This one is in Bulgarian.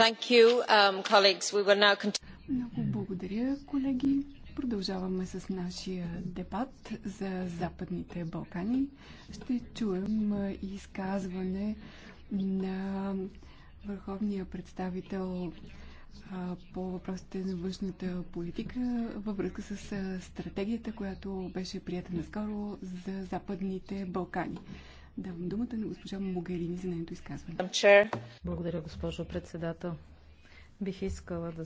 Um, Много благодаря, колеги. Продължаваме с нашия дебат за Западните Балкани. Ще чуем изказване на върховния представител по въпросите на външната политика във връзка с стратегията, която беше прията наскоро за Западните Балкани. Давам думата на госпожа Могерини за нейното изказване. Благодаря, госпожо председател. Бих искала да